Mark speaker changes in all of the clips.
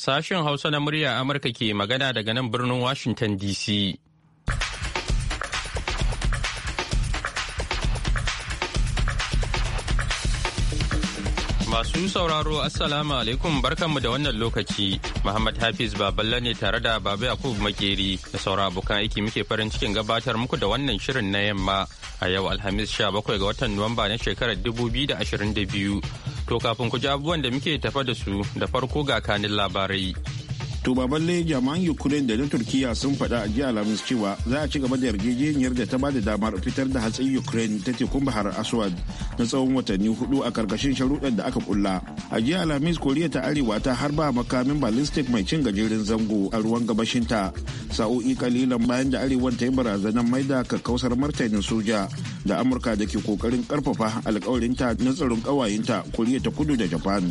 Speaker 1: Sashen Hausa na murya Amurka ke magana daga nan birnin Washington DC. Masu sauraro Assalamu alaikum barkanmu da wannan lokaci. Muhammad Hafiz Baballe ne tare da Baba yakub Makeri da saura abokan aiki muke farin cikin gabatar muku da wannan shirin na yamma a yau Alhamis 17 ga watan Nuwamba na shekarar 2022. To kafin ku ji abubuwan da muke tafa da su da farko ga kanin labarai.
Speaker 2: to balle jami'an ukraine da na turkiya sun faɗa a jiya alhamis cewa za a ci gaba da yarjejeniyar da ta ba da damar fitar da hatsin ukraine ta tekun bahar aswad na tsawon watanni hudu a karkashin sharuɗan da aka kulla a jiya alhamis koriya ta arewa ta harba makamin ballistic mai cin gajeren zango a ruwan gabashinta sa'o'i kalilan bayan da arewan ta yi barazanar maida kakkausar martanin soja da amurka da ke kokarin karfafa alkawarinta na tsaron kawayenta koriya ta kudu da japan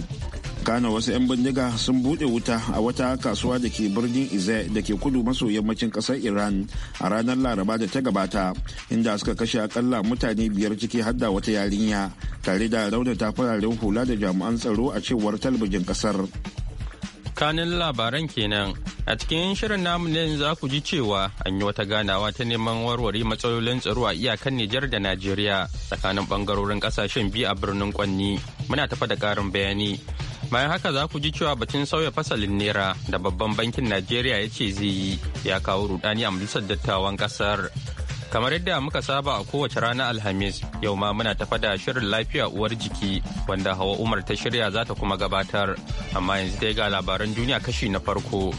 Speaker 2: kana wasu 'yan bindiga sun bude wuta a wata kasuwa da ke birnin ize da ke kudu maso yammacin kasar iran a ranar laraba da ta gabata inda suka kashe akalla mutane biyar ciki hadda wata yarinya tare da raunata fararen hula da jami'an tsaro a cewar talabijin kasar
Speaker 1: kanin labaran kenan a cikin shirin namu ne za ku ji cewa an yi wata ganawa ta neman warware matsalolin tsaro a iyakan nijar da najeriya tsakanin bangarorin kasashen biyu a birnin kwanni muna tafa da karin bayani bayan haka za ku ji cewa batun sauya fasalin naira da babban bankin najeriya ya ce zai yi ya kawo rudani a majalisar dattawan kasar kamar yadda muka saba a kowace rana alhamis yau ma muna tafa da shirin lafiya uwar jiki wanda hawa umar ta shirya za ta kuma gabatar amma yanzu dai ga labaran duniya kashi na farko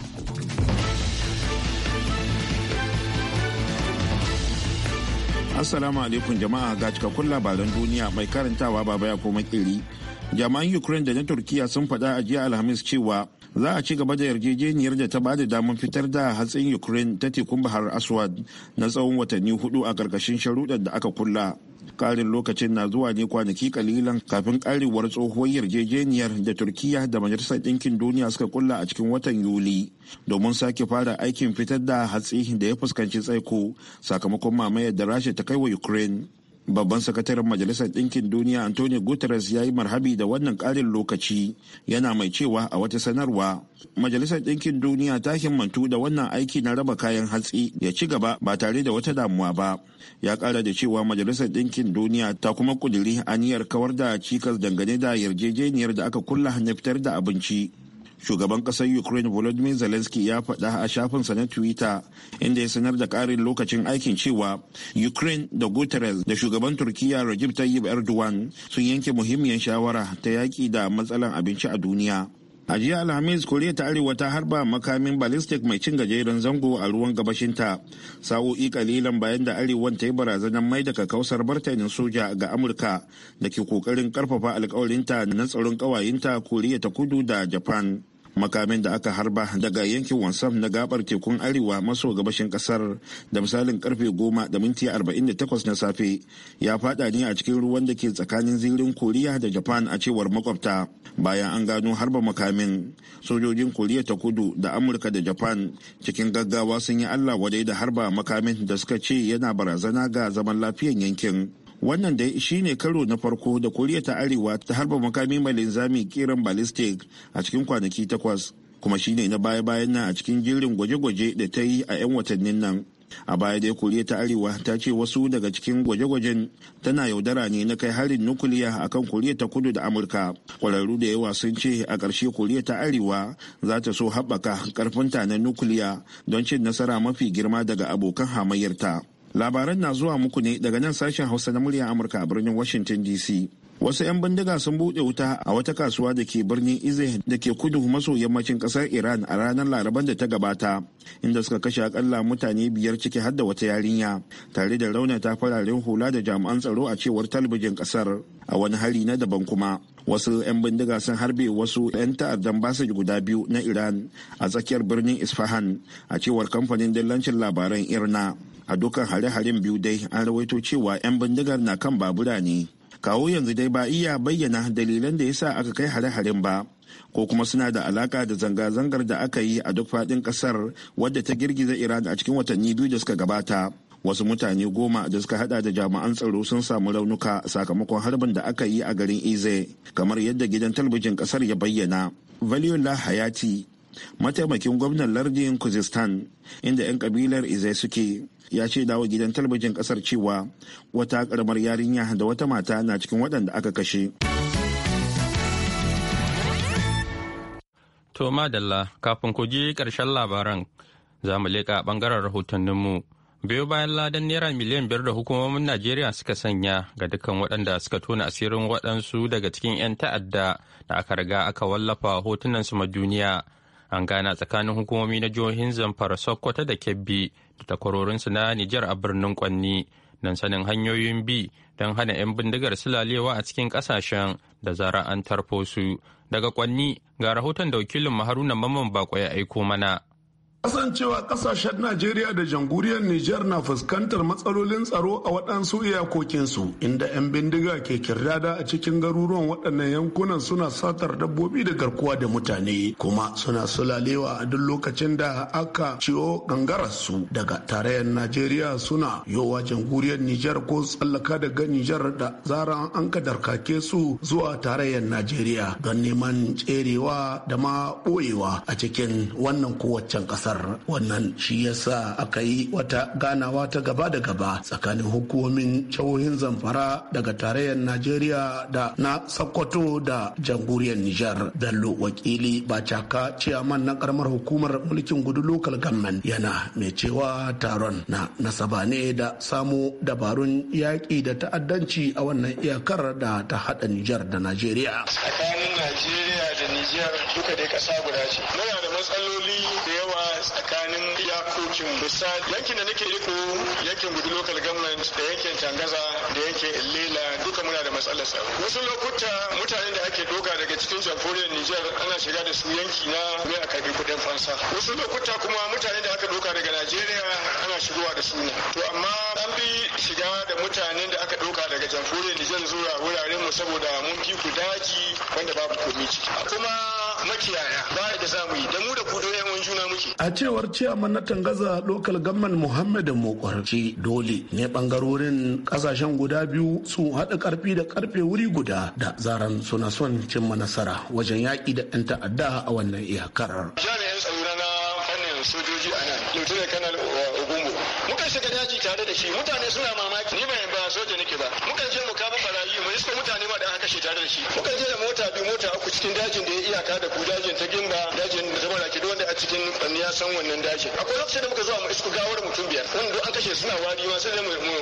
Speaker 2: assalamu alaikum jama'a ga cikakkun labaran duniya mai karantawa baba ya koma kiri jami'an ukraine da na turkiya sun faɗa a jiya alhamis cewa za a ci gaba da yarjejeniyar da ta ba da damar fitar da hatsin ukraine ta tekun bahar aswad na tsawon watanni hudu a ƙarƙashin sharuɗar da aka kulla ƙarin lokacin na zuwa ne kwanaki kalilan kafin karewar tsohuwar yarjejeniyar da turkiya da majalisar ɗinkin duniya suka kulla a cikin watan yuli domin sake fara aikin fitar da hatsi da ya fuskanci tsaiko sakamakon mamayar da rasha ta kai wa ukraine babban sakataren majalisar ɗinkin duniya antonio guterres ya yi marhabi da wannan ƙarin lokaci yana mai cewa a wata sanarwa majalisar ɗinkin duniya ta himmantu da wannan aiki na raba kayan hatsi ya ci gaba ba tare da wata damuwa ba ya ƙara da cewa majalisar ɗinkin duniya ta kuma ƙudiri aniyar kawar da cikas dangane da yarjejeniyar da aka kulla na fitar da abinci shugaban kasar ukraine volodymyr zelensky ya faɗa a shafinsa na twitter inda ya sanar da ƙarin lokacin aikin cewa ukraine da guterres da shugaban turkiya rajib tayyip erdogan sun yanke muhimmiyar shawara ta yaƙi da matsalan abinci a duniya a jiya alhamis koriya ta arewa ta harba makamin ballistic mai cin gajeren zango a ruwan gabashinta sa'o'i kalilan bayan da arewan ta yi barazanar mai daga kakausar martanin soja ga amurka da ke kokarin karfafa alkawarinta na tsaron kawayenta koriya ta kudu da japan makamin da aka harba daga yankin wansam na gabar tekun arewa maso gabashin kasar da misalin karfe goma da minti 48 na safe ya fada ne a cikin ruwan da ke tsakanin zirin koriya da japan a cewar makwabta bayan an gano harba makamin sojojin koriya ta kudu da amurka da japan cikin gaggawa sun yi allah wadai da harba makamin da suka ce yana barazana ga zaman lafiyan yankin wannan dai ne karo na farko da koriya ta arewa ta harba makami mai linzami kiran ballistic a cikin kwanaki takwas kuma shi ne na baya-bayan nan a cikin jirin gwaje-gwaje da ta yi a 'yan watannin nan a baya dai koriya ta arewa ta ce wasu daga cikin gwaje-gwajen tana yaudara ne na kai harin nukuliya kan koriya ta kudu da amurka kwararru da yawa sun ce a ƙarshe koriya ta arewa za ta so haɓaka ƙarfinta na nukuliya don cin nasara mafi girma daga abokan hamayyarta Labaran na zuwa muku ne daga nan sashen Hausa na murya Amurka a birnin Washington DC. Wasu 'yan bindiga sun buɗe wuta a wata kasuwa da ke birnin izai da ke kudu maso yammacin ƙasar Iran a ranar Laraban da ta gabata, inda suka kashe akalla mutane biyar ciki har da wata yarinya, tare da raunata fararen hula da jami'an tsaro a cewar talabijin ƙasar a wani hari na daban kuma. Wasu 'yan bindiga sun harbe wasu 'yan ta'addan basir guda biyu na Iran a tsakiyar birnin Isfahan a cewar kamfanin dillancin labaran Irna. a dukkan hare-haren biyu dai an rawaito cewa 'yan bindigar na kan babura ne kawo yanzu dai ba iya bayyana dalilan da yasa aka kai hare-haren ba ko kuma suna da alaka da zanga-zangar da aka yi a duk faɗin ƙasar wadda ta girgiza iran a cikin watanni biyu da suka gabata wasu mutane goma da suka hada da jami'an tsaro sun samu raunuka sakamakon harbin da aka yi a garin ize kamar yadda gidan talabijin kasar ya bayyana valiola hayati mataimakin gwamnan lardin kuzistan inda 'yan kabilar izai suke ya ce dawo gidan talabijin kasar cewa wata karamar yarinya da wata mata na cikin waɗanda aka kashe.
Speaker 1: To madalla kafin ku ji ƙarshen labaran za mu leƙa ɓangaren rahotanninmu. Biyo bayan ladan naira miliyan biyar da hukumomin Najeriya suka sanya ga dukkan waɗanda suka tona asirin waɗansu daga cikin 'yan ta'adda da aka riga aka wallafa hotunansu ma duniya. an gana tsakanin hukumomi na jihohin zamfara sokoto da kebbi da takwarorinsu na nijar a birnin kwanni don sanin hanyoyin bi don hana 'yan bindigar silalewa a cikin kasashen da zara an tarfo su daga kwanni ga rahoton da wakilin haruna mamman bako ya aiko mana
Speaker 3: Kasancewa kasashen Najeriya da jamhuriyar Niger na fuskantar matsalolin tsaro a waɗansu iyakokinsu inda 'yan bindiga ke kirdada a cikin garuruwan waɗannan yankunan suna satar dabbobi da garkuwa da mutane kuma suna sulalewa a duk lokacin da aka ciwo gangararsu daga tarayyar Najeriya suna yowa jamhuriyar Niger, ko tsallaka daga Niger da zaran an darkake su zuwa tarayyar Najeriya don neman tserewa da ma ɓoyewa a cikin wannan kowaccen ƙasa. kasar wannan shi yasa aka yi wata ganawa ta gaba da gaba tsakanin hukumomin jihohin zamfara daga tarayyar najeriya da na sokoto da jamhuriyar nijar bello wakili bacaka ciyaman na karamar hukumar mulkin gudu local government yana mai cewa taron na nasaba ne da samu dabarun yaƙi da ta'addanci a wannan iyakar da ta haɗa nijar da najeriya Najeriya da Nijiyar duka dai kasa guda ce.
Speaker 4: Muna da matsaloli da yawa tsakanin iyakokin misali yankin da nake riko yankin gudu local government da yankin Tangaza da yankin Ilela duka muna da matsalar sa. Wasu lokuta mutanen da ake doka daga cikin jamhuriyar Nijar ana shiga da su yanki na mai a karbi kudin fansa. Wasu lokuta kuma mutanen da aka doka daga Najeriya ana shigowa da su ne. To amma an bi shiga da mutanen da aka doka daga jamhuriyar Nijar zuwa wuraren mu saboda mun fi ku daji wanda babu babu kuma makiyaya ba da zamu yi da mu da ku da yawan juna muke a
Speaker 3: cewar ciyaman na tangaza lokal gamman muhammad mokwarci dole ne bangarorin kasashen guda biyu su haɗa karfi da karfe wuri guda da zaran suna son cimma nasara wajen yaƙi da 'yan ta'adda a wannan iyakar
Speaker 4: jami'an tsaro na fannin sojoji a nan lieutenant colonel uh, muka shiga daji tare da shi mutane suna mamaki ni bai ba soja nake ba muka je mu kama barayi mu iska mutane ma da aka kashe tare da shi muka je da mota bi mota uku cikin dajin da ya iyaka da ku dajin ta gimba dajin da zama rake wanda a cikin kwanniya san wannan dajin akwai lokacin da muka zo mu isku gawar mutum biyar wanda an kashe suna wari ma sai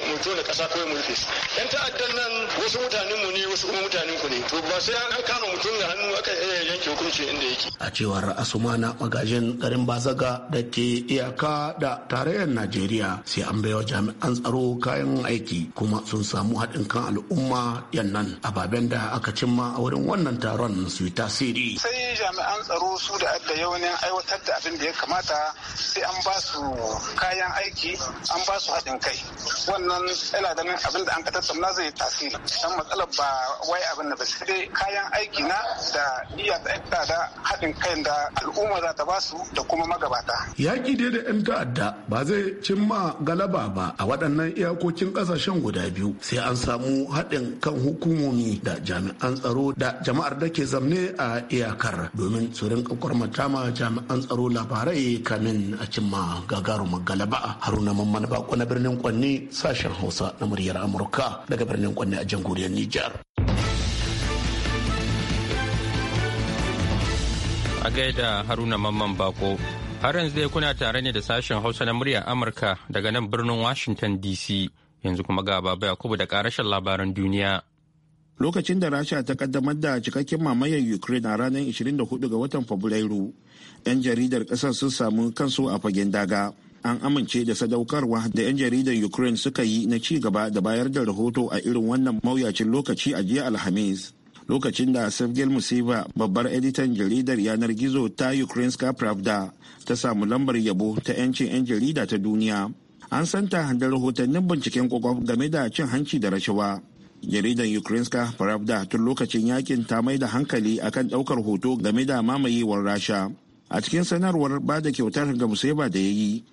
Speaker 4: mu tona kasa kawai mu rufe su yan ta'addan nan wasu mutanen mu ne wasu kuma mutanen ku ne to ba sai an kama mutum da hannu aka eh, yanke hukunci inda yake
Speaker 3: a cewar asumana magajin garin bazaga da ke iyaka da tarayyar najeriya sai an baiwa jami'an tsaro kayan aiki kuma sun samu haɗin kan al'umma yannan ababen da aka cimma a wurin wannan taron su yi tasiri.
Speaker 4: sai jami'an tsaro su da adda yawanin aiwatar da abin da ya kamata sai an ba su kayan aiki an ba su haɗin kai wannan yana ganin abin da an ka tattauna zai tasiri dan matsalar ba wai abin da ba sai kayan aiki na da iya da da haɗin kai da al'umma za ta ba su da kuma
Speaker 3: magabata. yaƙi dai da 'yan ta'adda ba zai cimma galaba ba a waɗannan iyakokin ƙasashen guda biyu sai an samu haɗin kan hukumomi da jami'an tsaro da jama'ar da ke zamne a iyakar domin su rinka kwarmata jami'an tsaro labarai kamin a cimma gagarumar galaba haruna mamman bako na birnin kwanne sashen hausa na muryar amurka daga birnin kwanne a jamhuriyar nijar
Speaker 1: a gaida haruna mamman bako Har yanzu dai kuna tare ne da sashen Hausa na muryar Amurka daga nan birnin Washington DC. Yanzu kuma ga Baba Yakubu da karashin labaran duniya. Lokacin
Speaker 2: da Rasha ta kaddamar da cikakken mamayar Ukraine a ranar 24 ga watan Fabrairu, 'yan jaridar ƙasar sun samu kansu a fagen daga. An amince da sadaukarwa da 'yan jaridar Ukraine suka yi na ci gaba da bayar da rahoto a irin wannan mawuyacin lokaci a jiya Alhamis. lokacin da sevgel musiba babbar editan jaridar yanar gizo ta ukrainska pravda ta samu lambar yabo ta 'yancin 'yan jarida ta duniya an santa da rahotannin binciken kwakwaf game da cin hanci da rashawa jaridar ukrainska pravda tun lokacin yakin ta mai da hankali akan daukar hoto game da mamayewar rasha a cikin sanarwar ba da kyautar ga Musaiba da ya yi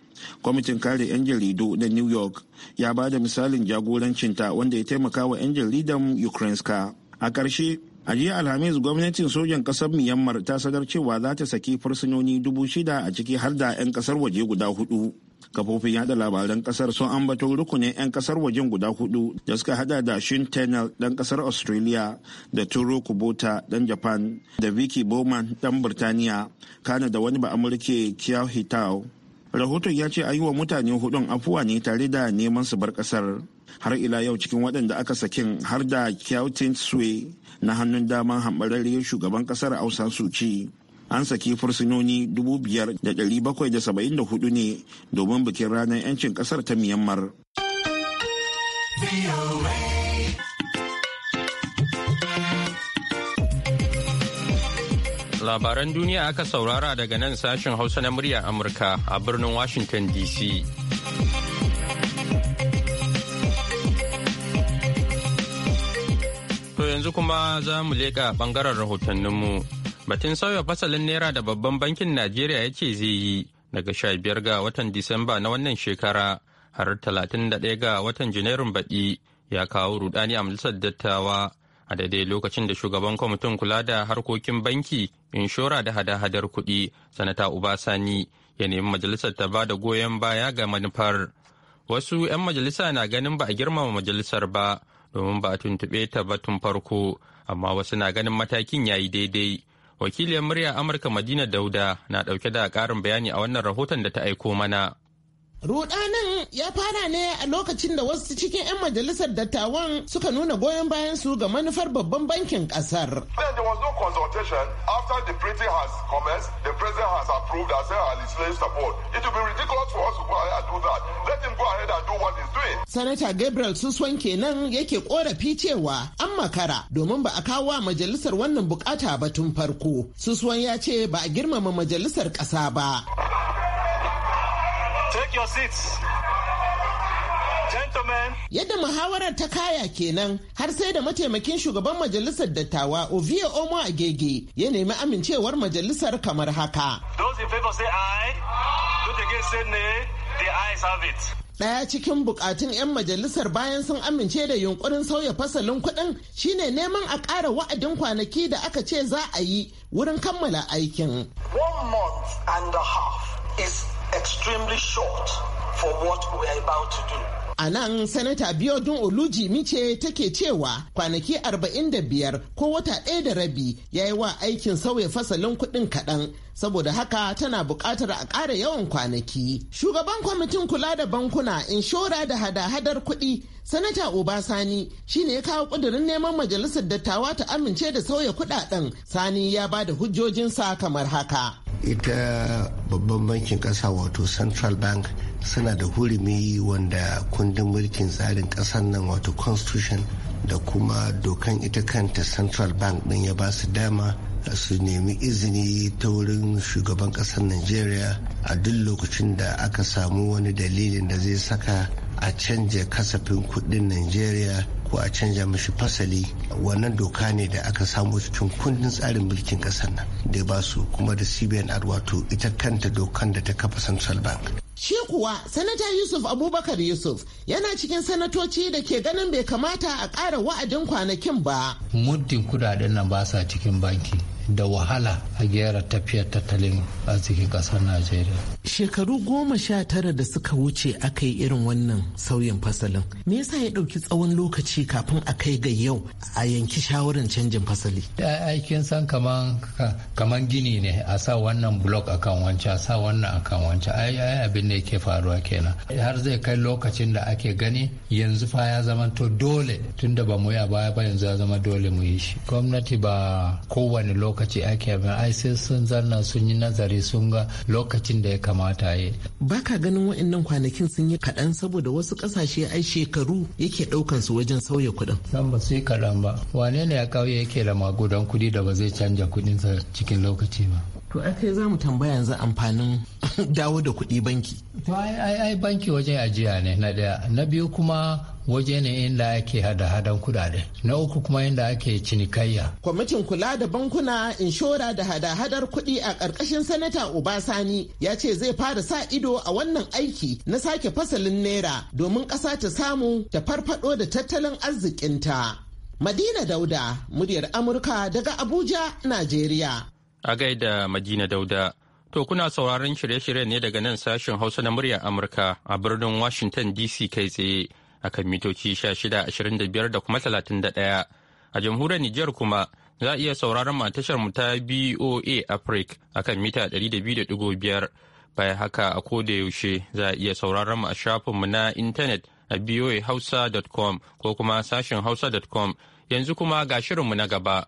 Speaker 2: kwamitin kare 'yan jaridu na new york ya ba da misalin jagorancinta wanda ya taimaka wa 'yan jaridan ukrainska a ƙarshe a jiya alhamis gwamnatin sojan ƙasar myanmar ta sanar cewa za ta saki fursunoni dubu shida a ciki har da 'yan ƙasar waje guda hudu kafofin yada labaran ƙasar sun ambato rukunin 'yan ƙasar wajen guda hudu da suka hada da shin tenel dan ƙasar australia da turo kubota dan japan da vicky bowman dan birtaniya kana da wani ba amurke kiao hitau rahoton ya ce a yi wa mutane hudun afuwa ne tare da neman su bar ƙasar. har ila yau cikin waɗanda aka sakin har da kyautin sue na hannun daman hambararriyar shugaban kasar ausa suci an saki fursunoni 5,774 ne domin bikin ranar 'yancin kasar ta miyammar
Speaker 1: labaran duniya aka saurara daga nan sashen hausa na murya amurka a birnin washington dc yanzu kuma za mu leƙa ɓangaren rahotanninmu. Batun sauya fasalin Naira da babban bankin Najeriya ya ce zai yi daga sha biyar ga watan Disamba na wannan shekara har talatin da 31 ga watan Janairun baɗi ya kawo rudani a majalisar dattawa a daidai lokacin da shugaban kwamitin kula da harkokin banki inshora da hada-hadar kuɗi sanata Ubasani ya nemi majalisar ta ba da goyon baya ga manufar. Wasu 'yan majalisa na ganin ba a girmama majalisar ba domin ba a tuntuɓe ta ba tun farko amma wasu na ganin matakin ya yi daidai wakiliyar murya amurka madina dauda na ɗauke da ƙarin bayani a wannan rahoton da ta aiko mana
Speaker 5: Rudanin ya fara ne a lokacin da wasu cikin 'yan majalisar dattawan suka nuna goyon bayan su ga manufar babban bankin kasar. Sanata Gabriel Suswan kenan yake korafi cewa an makara domin ba a kawo wa majalisar wannan bukata ba tun farko. Suswan ya ce ba a girmama majalisar kasa ba.
Speaker 4: Take your seats.
Speaker 5: Yadda muhawarar ta kaya kenan har sai da mataimakin shugaban majalisar dattawa Ovie Omo Agege ya nemi amincewar majalisar kamar haka. Daya cikin bukatun 'yan majalisar bayan sun amince da yunkurin sauya fasalin kudin shine neman a ƙara wa'adin kwanaki da aka ce za a yi wurin kammala aikin. One month
Speaker 3: and a half is extremely short for what we are about to do.
Speaker 5: A nan Sanata Biodun Olujimi ce take cewa kwanaki 45 ko wata ɗaya da rabi ya yi wa aikin sauya fasalin kuɗin kaɗan saboda haka tana buƙatar a ƙara yawan kwanaki. Shugaban kwamitin kula da bankuna, inshora da hada-hadar kuɗi, Sanata Obasani shi ne ya kawo ƙudurin neman majalisar dattawa ta amince da sauya kuɗaɗen. Sani ya ba da hujjojinsa kamar haka.
Speaker 6: ita babban bankin kasa wato central bank suna da hurumi wanda kundin mulkin tsarin kasan nan wato constitution da kuma dokan ita kanta central bank din ya ba su dama su nemi izini ta wurin shugaban kasar nigeria a duk lokacin da aka samu wani dalilin da zai saka a canja kasafin kudin nigeria ko a canja mashi fasali wannan doka ne da aka samu cikin kundin tsarin mulkin kasar nan da ba su kuma da cbnr wato ita kanta dokan da ta kafa central bank
Speaker 5: Shi kuwa Sanata Yusuf Abubakar Yusuf yana cikin sanatoci da ke ganin bai kamata a ƙara wa'adin kwanakin ba.
Speaker 6: Muddin kudaden nan ba sa cikin banki. da wahala a gyara tafiyar tattalin arzikin kasar najeriya
Speaker 5: shekaru goma sha tara da suka wuce aka yi irin wannan sauyin fasalin me yasa ya ɗauki tsawon lokaci kafin a kai ga yau a yanki shawarar
Speaker 6: canjin fasali aikin san kaman gini ne a sa wannan blok a kan wancan a sa wannan a akan wancan ai abin da yake faruwa kenan har zai kai lokacin da ake gani yanzu fa ya zama to dole tunda ba mu yi a baya ba yanzu ya zama dole mu yi shi gwamnati ba kowane lokaci lokaci ake abin ai sai sun zanna sun yi nazari sun ga lokacin da ya kamata ya Baka ganin wa'annan kwanakin sun yi kaɗan saboda wasu ƙasashe ai shekaru yake ɗaukan su wajen sauya kuɗin. San ba su yi kaɗan ba. Wane ne ya ƙauye yake da magudan kuɗi da ba zai canja kuɗinsa cikin lokaci ba. To a kai za mu tambaya yanzu amfanin dawo da kuɗi banki. To ai banki wajen ajiya ne na ɗaya. Na biyu kuma waje ne inda ake hada-hadan kudade na uku kuma inda ake cinikayya
Speaker 5: kwamitin kula da bankuna inshora da hada-hadar kuɗi a ƙarƙashin sanata obasani ya ce zai fara sa ido a wannan aiki na sake fasalin naira domin ƙasa ta samu ta farfado da tattalin arzikinta madina dauda muryar amurka daga abuja najeriya
Speaker 1: a gaida madina dauda To kuna sauraron shirye-shiryen ne daga nan sashen Hausa na muryar Amurka a birnin Washington DC kai tsaye kan mitoci 1625 da kuma 31 a jamhuriyar Nijar kuma za a iya sauraron matashar mu ta BOA Africa akan mita 200.5 bayan haka a koda yaushe za a iya sauraron mu a shafin mu na intanet a boahausa.com ko kuma sashen hausa.com yanzu kuma ga shirinmu na gaba.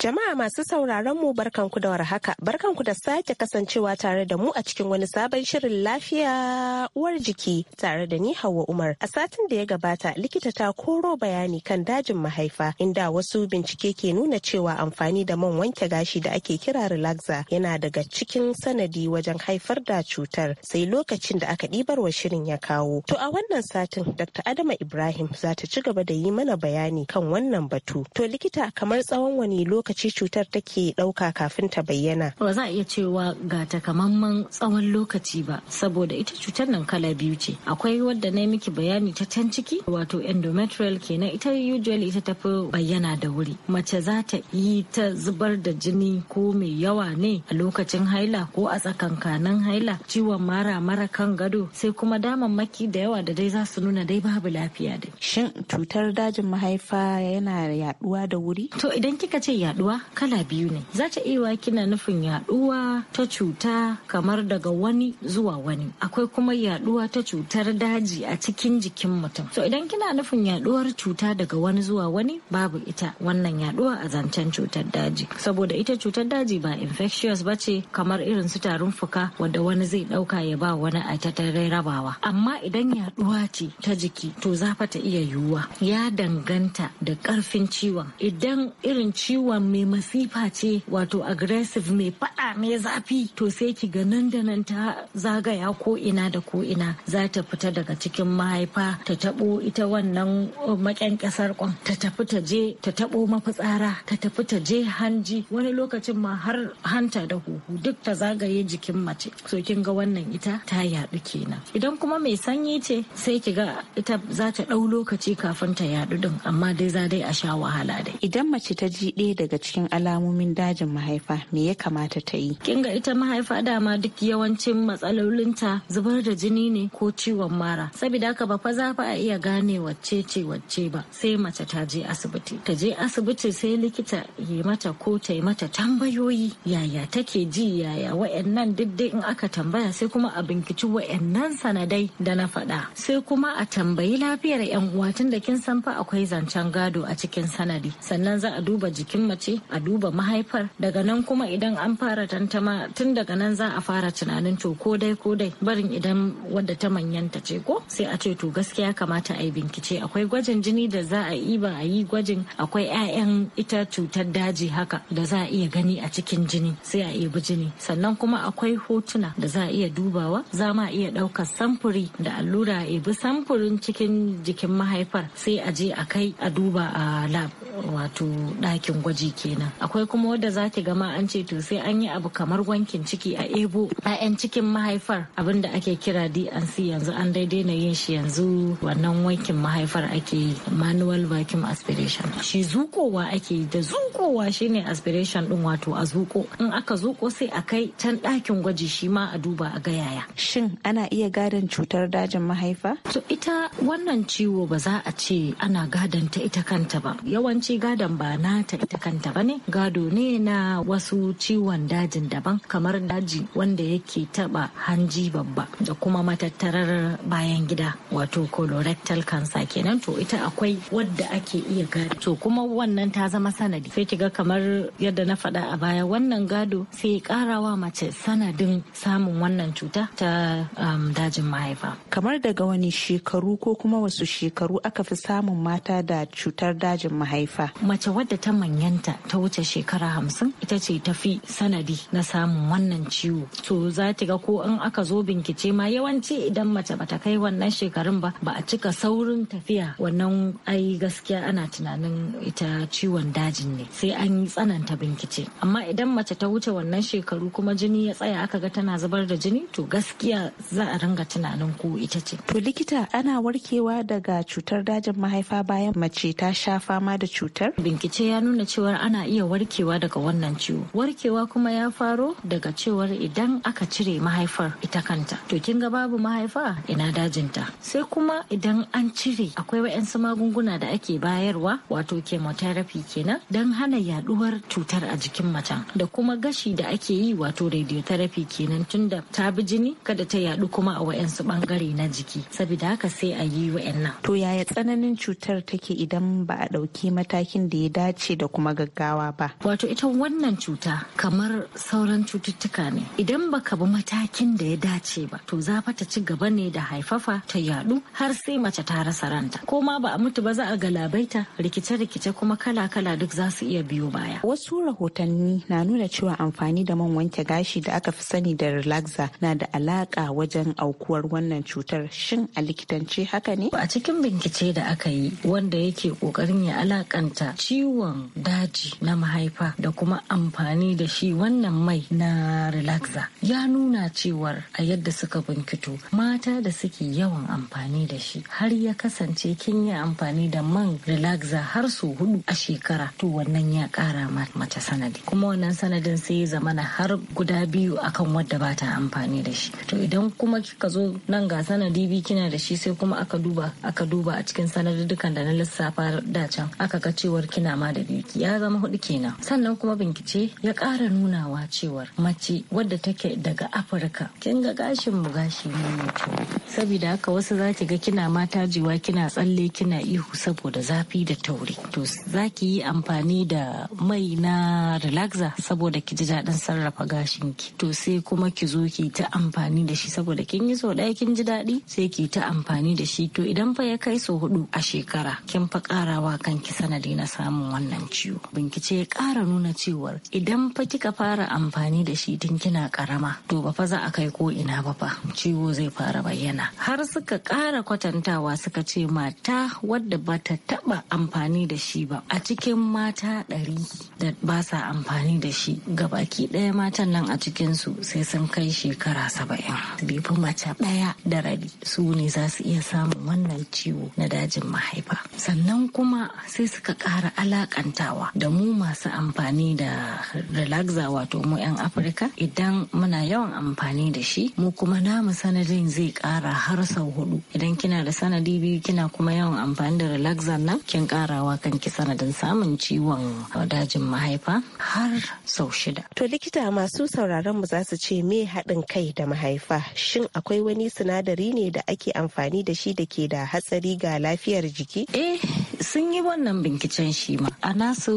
Speaker 7: Jama'a masu sauraron mu barkanku da warhaka, barkanku da sake kasancewa tare da mu a cikin wani sabon shirin lafiya uwar jiki tare da ni Hauwa Umar. A satin da ya gabata likita ta koro bayani kan dajin mahaifa inda wasu bincike ke nuna cewa amfani da man wanke gashi da ake kira relaxer yana daga cikin sanadi wajen haifar da cutar sai lokacin da aka ɗibar wa shirin ya kawo. To a wannan satin Dr. Adama Ibrahim za ta ci gaba da yi mana bayani kan wannan batu. To likita kamar tsawon wani lokaci lokaci cutar take ɗauka kafin ta bayyana?
Speaker 8: Ba za a iya cewa ga takamaiman tsawon lokaci ba saboda ita cutar nan kala biyu ce. Akwai wadda na miki bayani ta can ciki wato endometrial kenan ita usually ita tafi bayyana da wuri. Mace za ta yi ta zubar da jini ko mai yawa ne a lokacin haila ko a tsakankanin haila ciwon mara mara kan gado sai kuma maki da yawa da dai za su nuna dai babu lafiya dai. Shin
Speaker 7: cutar dajin mahaifa yana yaɗuwa da wuri? To idan kika ce yaduwa yaduwa kala
Speaker 8: biyu ne za ta iya kina nufin yaduwa ta cuta kamar daga wani zuwa wani akwai kuma yaduwa ta cutar daji a cikin jikin mutum so idan kina nufin yaduwar cuta daga wani zuwa wani babu ita wannan yaduwa a zancen cutar daji saboda ita cutar daji ba infectious ba ce kamar irin su tarin fuka wanda wani zai dauka ya ba wani a ta rabawa amma idan yaduwa ce ta jiki to za ta iya yiwuwa ya danganta da karfin ciwon idan irin ciwon mai masifa ce wato aggressive mai faɗa mai zafi to sai ki ga nan da nan ta zagaya ko ina da ko ina za ta fita daga cikin mahaifa ta taɓo ita wannan uh, maƙyan kasar kwan ta tafi ta je ta taɓo mafitsara ta tafi ta je hanji wani lokacin ma har hanta da huhu duk ta zagaye jikin mace so kin ga wannan ita ta yaɗu kenan idan kuma mai sanyi ce sai ki ga ita za ta ɗau lokaci kafin ta yaɗu din amma dai za dai a sha wahala dai idan mace ta ji ɗaya daga cikin alamomin
Speaker 7: dajin mahaifa me ya kamata ta yi
Speaker 8: kin ga ita mahaifa dama duk yawancin matsalolin ta zubar da jini ne ko ciwon mara saboda haka ba fa za a iya gane wacce ce wacce ba sai mace ta je asibiti ta je asibiti sai likita yi mata ko ta yi mata tambayoyi yaya take ji yaya wayannan duk dai in aka tambaya sai kuma a binkici wayannan sanadai da na faɗa sai kuma a tambayi lafiyar yan uwa tun da kin san fa akwai zancen gado a cikin sanadi sannan za a duba jikin mace ce a duba mahaifar daga nan kuma idan an fara tantama tun daga nan za a fara tunanin to ko dai ko dai barin idan wadda ta manyanta ce ko sai a ce to gaskiya kamata a yi bincike akwai gwajin jini da za a yi ba a yi gwajin akwai ƴaƴan ita cutar daji haka da za a iya gani a cikin jini sai a ebi jini sannan kuma akwai hotuna da za a iya dubawa za ma iya ɗaukar samfuri da allura a ebi samfurin cikin jikin mahaifar sai a je a kai a duba a lab wato ɗakin gwaji kenan akwai kuma wadda zaki gama an ce to sai an yi abu kamar wankin ciki a ebo 'ya'yan cikin mahaifar abin da ake kira dnc yanzu an daidai na yin shi yanzu wannan wankin mahaifar ake yi manual vacuum aspiration shi zukowa ake yi da zukowa shine aspiration din wato a zuko in aka zuko sai a kai can ɗakin gwaji shi ma a duba a ga yaya shin ana iya gadon cutar dajin mahaifa to ita wannan ciwo ba za a ce ana gadon ta ita kanta ba yawanci gadon ba na ta ita kanta ba ne gado ne na wasu ciwon dajin daban kamar daji wanda yake taba hanji babba da kuma matattarar bayan gida wato colorectal cancer kenan to ita akwai wadda ake iya gado to kuma wannan ta zama sanadi sai kiga kamar yadda na faɗa a baya wannan gado sai karawa mace sanadin samun wannan cuta ta um, dajin mahaifa kamar daga wani shekaru ko kuma wasu shekaru aka fi samun mata da cutar dajin mahaifa mace wadda ta manyanta ta ta wuce shekara hamsin ita ce tafi sanadi na samun wannan ciwo to za ta ga ko in aka zo bincike ma yawanci idan mace bata kai wannan shekarun ba ba a cika saurin tafiya wannan ai gaskiya ana tunanin ita ciwon dajin ne sai an yi tsananta bincike amma idan mace ta wuce wannan shekaru kuma jini ya tsaya aka ga tana zubar da jini to gaskiya za a ringa tunanin ko ita ce
Speaker 7: to likita ana warkewa daga cutar dajin mahaifa
Speaker 8: bayan mace ta sha fama da cutar bincike ya nuna cewa ana iya warkewa daga wannan ciwo warkewa kuma ya faro daga cewar idan aka cire mahaifar ita kanta to kin ga babu mahaifa ina dajinta sai kuma idan an cire akwai wa'yansu magunguna da ake bayarwa wato chemotherapy kenan don hana yaduwar cutar a jikin macen da kuma gashi da ake yi wato radiotherapy kenan tunda ta bi jini kada ta yadu kuma a wa'yansu bangare na jiki saboda haka sai a yi wa'yannan to yaya tsananin
Speaker 7: cutar take idan ba a dauki matakin da ya dace da kuma gaggawa ba. Wato ita wannan
Speaker 8: cuta kamar sauran cututtuka ne. Idan baka bi matakin da ya dace ba to za ta ci gaba ne da haifafa ta yadu har sai mace ta rasa ranta. Ko ma ba a mutu ba za a galabaita rikice-rikice kuma kala-kala duk za su iya biyo baya. Wasu rahotanni
Speaker 7: na nuna cewa amfani da man wanke gashi da aka fi sani da relaxer na da alaka
Speaker 8: wajen aukuwar wannan cutar shin a likitance haka ne? A cikin bincike da aka yi wanda yake kokarin ya alakanta ciwon daji gwaji na mahaifa da kuma amfani da shi wannan mai na relaxer ya nuna cewar a yadda suka binkito mata da suke yawan amfani da shi har ya kasance kin yi amfani da man relaxer har su hudu a shekara to wannan ya kara mace sanadi kuma wannan sanadin sai ya zamana har guda biyu akan wadda ba ta amfani da shi to idan kuma kika zo nan ga sanadi biyu kina da shi sai kuma aka duba aka duba a cikin sanadin da na lissafa da can aka ga cewar kina ma da biyu ya zama hudu kenan sannan kuma bincike ya ƙara nunawa cewar mace wadda take daga afirka kin ga gashin mu gashi ne mutu saboda haka wasu zaki ga kina mata jiwa kina tsalle kina ihu saboda zafi da tauri to za yi amfani da mai na relaxer saboda ki ji daɗin sarrafa gashin ki to sai kuma ki zo ki ta amfani da shi saboda kin yi so ɗaya kin ji daɗi sai ki ta amfani da shi to idan fa ya kai so hudu a shekara kin fa ƙarawa kanki sanadi na samun wannan ciwo bincike ya kara nuna cewar idan fa kika fara amfani da shi tun kina karama to ba fa za a kai ko ina ba fa ciwo zai fara bayyana har suka kara kwatantawa suka ce mata wadda ba ta taba amfani da shi ba a cikin mata ɗari da ba sa amfani da shi ga baki ɗaya matan nan a cikin su sai sun kai shekara saba'in bai fi mace ɗaya da rabi su ne za su iya samun wannan ciwo na dajin mahaifa sannan kuma sai suka kara alakantawa da mu masu amfani da relaxa wato mu 'yan afirka idan muna yawan amfani da shi mu kuma namu sanadin zai kara har sau hudu idan kina da sanadi biyu kina kuma yawan amfani da relaxer nan kin karawa kanki sanadin samun ciwon dajin mahaifa har sau shida
Speaker 7: to likita masu sauraron mu za su ce me haɗin kai da mahaifa shin akwai wani sinadari ne da ake amfani da shi da ke da hatsari ga lafiyar jiki eh
Speaker 8: sun yi wannan binkicen shi ma a nasu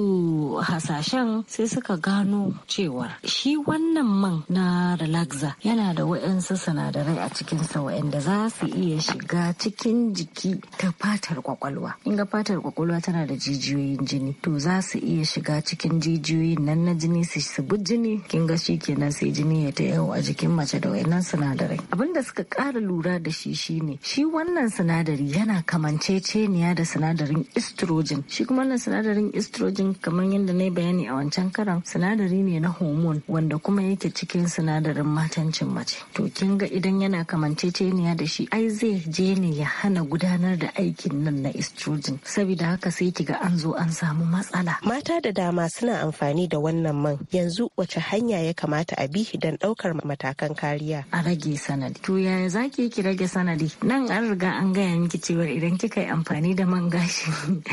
Speaker 8: hasashen sai suka gano cewa shi wannan man na relaxa yana da waɗansu sinadarai a cikin sa waɗanda za su iya shiga cikin jiki ta fatar kwakwalwa in ga fatar kwakwalwa tana da jijiyoyin jini to za su iya shiga cikin jijiyoyin nan na jini su subi jini kin ga shi kenan sai jini ya ta yawo a jikin mace da waɗannan sinadarai abin da suka ƙara lura da shi shine shi wannan sinadari yana kamanceceniya da sinadarin estrogen shi kuma wannan sinadarin estrogen kamar yadda na yi bayani a wancan karan sinadari ne na hormone wanda kuma yake cikin sinadarin matancin mace to kin ga idan yana kamanceceniya da shi ai zai je ne ya hana gudanar da aikin nan na estrogen saboda haka sai ki ga an zo an samu matsala
Speaker 7: mata da dama suna amfani da wannan man yanzu wace hanya ya kamata a bi don ɗaukar matakan kariya
Speaker 8: a rage sanadi to yaya zaki ki rage sanadi nan an riga an gaya miki cewa idan kika yi amfani da man gashi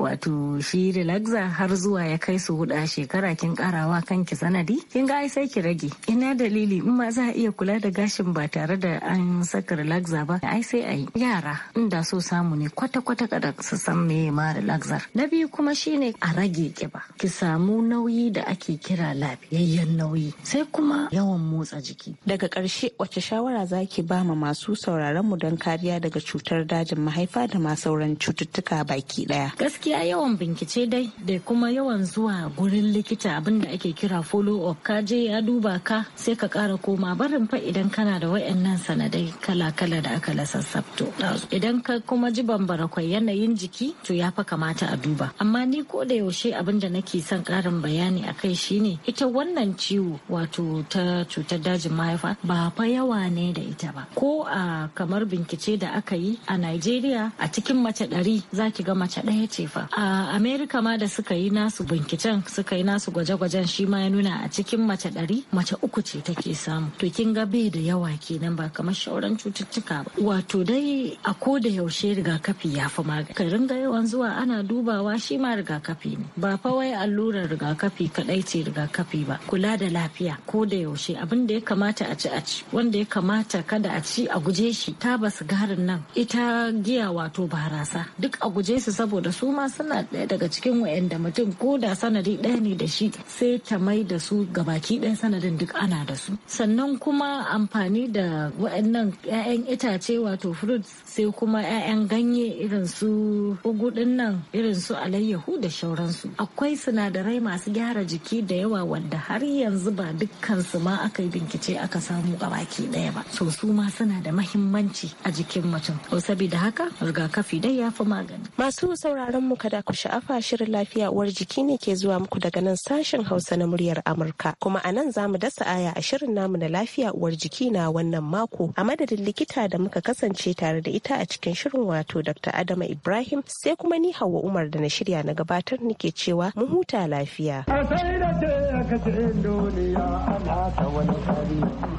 Speaker 8: wato shi relaxer har zuwa ya kai su huda shekara kin karawa kanki sanadi kin ga sai ki rage ina dalili in ma za a iya kula da gashin ba tare da an saka relaxer ba ai sai yi. yara inda so samu ne kwata kwata kada su san ya ma relaxer na biyu kuma shine a rage kiba ki samu nauyi da ake kira lafiyayyen nauyi sai kuma yawan motsa jiki
Speaker 7: daga karshe wace shawara zaki ba ma masu sauraron mu don kariya daga cutar dajin mahaifa da ma sauran cututtuka baki daya
Speaker 8: gaskiya yawan bincike dai da kuma kuma yawan zuwa gurin likita abinda ake kira follow up ka je ya duba ka sai ka kara koma barin fa idan kana da wayannan sanadai kala-kala da aka lasassabto idan ka kuma ji bambarakwai yanayin jiki to ya fa kamata a duba amma ni ko da yaushe abinda nake son karin bayani akai shine ita wannan ciwo wato ta cutar dajin mahaifa ba fa yawa ne da ita ba ko a kamar bincike da aka yi a Najeriya a cikin mace ɗari za ki ga mace ɗaya ce fa a Amerika ma da suka yi nasu binciken suka yi nasu gwaje-gwajen shi ma ya nuna a cikin mace ɗari mace uku ce take samu to kin ga bai da yawa kenan ba kamar shauran cututtuka ba wato dai a ko da yaushe rigakafi ya fi magani ka ringa yawan zuwa ana dubawa shi ma rigakafi ne ba fa wai allurar rigakafi kaɗai ce rigakafi ba kula da lafiya ko da yaushe abin da ya kamata a ci a ci wanda ya kamata kada a ci a guje shi ta taba sigarin nan ita giya wato barasa duk a guje su saboda su ma suna ɗaya daga cikin wa'anda mutum mutum ko da sanadi ɗaya ne da shi sai ta mai da su baki ɗaya sanadin duk ana da su sannan kuma amfani da waɗannan 'ya'yan itace wato fruits sai kuma 'ya'yan ganye irin su ugu nan irin su alayyahu da shauransu akwai sinadarai masu gyara jiki da yawa wanda har yanzu ba dukkan su ma aka yi bincike aka samu baki ɗaya ba so su ma suna da mahimmanci a jikin mutum sabida haka rigakafi dai ya fi magani masu
Speaker 7: sauraron mu kada ku sha'afa shirin lafiya uwar jiki ne ke zuwa muku daga nan sashen Hausa na muryar Amurka. Kuma a nan zamu dasa aya a shirin namu na lafiya uwar jiki na wannan mako a madadin likita da muka kasance tare da ita a cikin shirin wato Dr. Adama Ibrahim sai kuma ni Hauwa Umar da na shirya na gabatar nike cewa mu huta lafiya.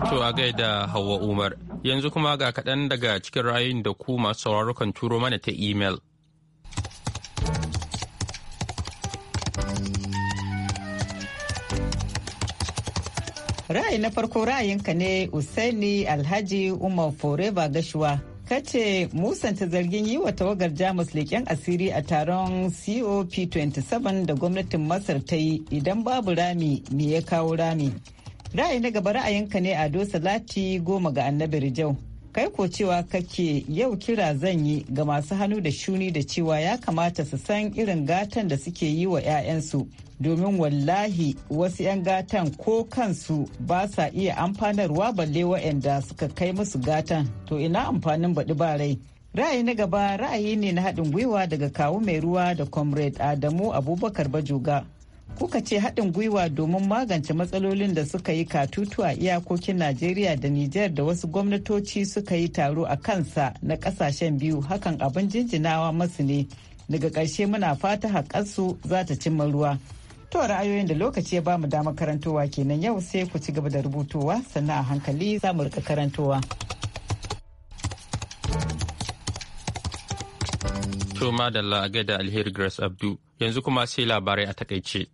Speaker 1: To a gaida Hauwa Umar yanzu kuma ga kaɗan daga cikin ra'ayin da ku masu sauraron turo mana ta imel.
Speaker 9: Ra'ayi na farko ra'ayinka ne Usaini Alhaji Umar Foreba Gashuwa. Kace musanta zargin yi wa tawagar Jamus leƙen asiri a taron COP27 da gwamnatin Masar ta yi idan babu rami me ya kawo rami. Ra'ayi na gaba ra'ayinka ne Ado Salati goma ga annabi Rijau. kai ko cewa kake yau kira zan yi ga masu hannu da shuni da cewa ya kamata su san irin gatan da suke yi wa 'ya'yansu domin wallahi wasu 'yan gatan ko kansu ba sa iya amfanarwa balle wa'anda suka kai musu gatan to ina amfanin baɗi ba rai ra'ayi na gaba ra'ayi ne na haɗin gwiwa daga kawu mai ruwa da comrade adamu abubakar bajoga kuka ce haɗin gwiwa domin magance matsalolin da suka yi katutu a iyakokin najeriya da nijar da wasu gwamnatoci suka yi taro a kansa na ƙasashen biyu hakan abin jinjinawa masu ne daga ƙarshe muna fata haƙarsu za ta cimma ruwa to ra'ayoyin da lokaci ya bamu damar karantowa kenan yau sai ku ci gaba da rubutowa sannan a hankali za mu rika karantowa
Speaker 1: to madalla a gaida alheri grace abdu yanzu kuma sai labarai a takaice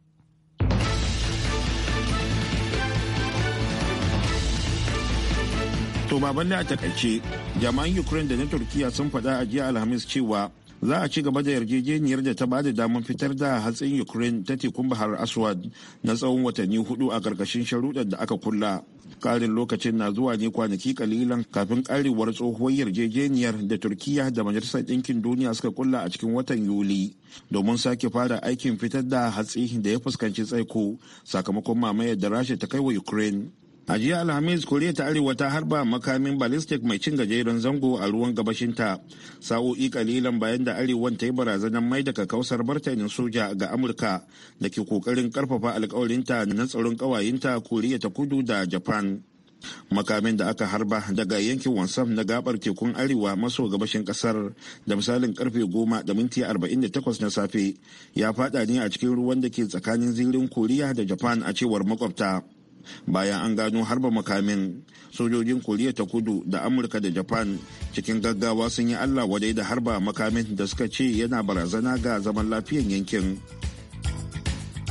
Speaker 2: To baballe a takaice, jama'an Ukraine da na Turkiya sun faɗa a jiya Alhamis cewa za a ci gaba da yarjejeniyar da ta ba da damar fitar da hatsin Ukraine ta tekun Bahar Aswad na tsawon watanni hudu a ƙarƙashin sharuɗar da aka kulla. Ƙarin lokacin na zuwa ne kwanaki kalilan kafin ƙarewar tsohuwar yarjejeniyar da Turkiya da Majalisar Ɗinkin Duniya suka kulla a cikin watan Yuli domin sake fara aikin fitar da hatsi da ya fuskanci tsaiko sakamakon mamayar da Rasha ta kai wa Ukraine. a jiya alhamis koriya ta arewa ta harba makamin ballistic mai cin gajeren zango a ruwan gabashinta sa'o'i kalilan bayan da arewan ta yi barazanar mai daga kausar martanin soja ga amurka da ke kokarin karfafa alkawarinta na tsaron kawayenta koriya ta kudu da japan makamin da aka harba daga yankin wansam na gabar tekun arewa maso gabashin kasar da misalin karfe goma da minti 48 na safe ya fada ne a cikin ruwan da ke tsakanin zirin koriya da japan a cewar makwabta bayan an gano harba makamin sojojin koriya ta kudu da amurka da japan cikin gaggawa sun yi allah wadai da harba makamin da suka ce yana barazana ga zaman lafiyan yankin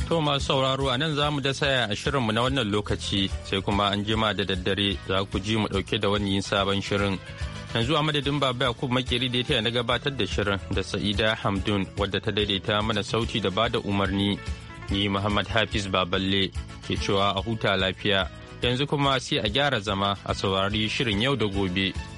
Speaker 1: to masu sauraro a nan za mu da saya a shirinmu na wannan lokaci sai kuma an jima da daddare za ku ji mu dauke da wani yin sabon shirin yanzu a madadin baba yakub makeri da ya taya na gabatar da shirin da sa'ida hamdun wadda ta daidaita mana sauti da bada umarni Ni Muhammad Hafiz Baballe ke cewa a huta lafiya yanzu kuma sai a gyara zama a saurari shirin yau da gobe.